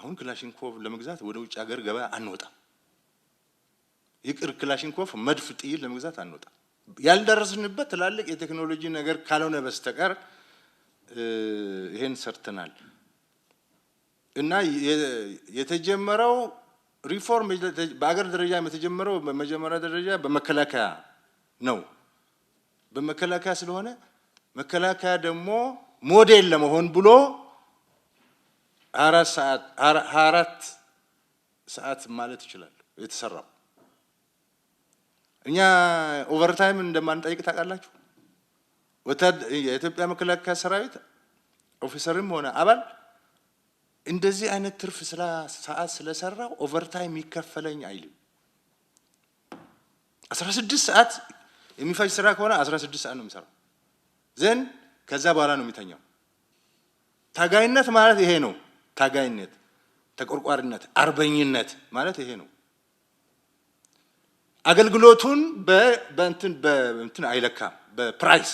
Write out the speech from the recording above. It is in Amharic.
አሁን ክላሽንኮቭ ለመግዛት ወደ ውጭ ሀገር ገበያ አንወጣ። ይቅር ክላሽንኮቭ መድፍ፣ ጥይል ለመግዛት አንወጣ ያልደረስንበት ትላልቅ የቴክኖሎጂ ነገር ካልሆነ በስተቀር ይሄን ሰርተናል እና የተጀመረው ሪፎርም በአገር ደረጃ የተጀመረው በመጀመሪያ ደረጃ በመከላከያ ነው። በመከላከያ ስለሆነ መከላከያ ደግሞ ሞዴል ለመሆን ብሎ ሀያ አራት ሰዓት ማለት ይችላል የተሰራው። እኛ ኦቨርታይም እንደማንጠይቅ ታውቃላችሁ። የኢትዮጵያ መከላከያ ሰራዊት ኦፊሰርም ሆነ አባል እንደዚህ አይነት ትርፍ ሰዓት ስለሰራው ኦቨርታይም ይከፈለኝ አይልም። 16 ሰዓት የሚፈጅ ስራ ከሆነ 16 ሰዓት ነው የሚሰራው ዘንድ ከዛ በኋላ ነው የሚተኛው። ታጋይነት ማለት ይሄ ነው። ታጋይነት፣ ተቆርቋሪነት፣ አርበኝነት ማለት ይሄ ነው። አገልግሎቱን በእንትን አይለካም በፕራይስ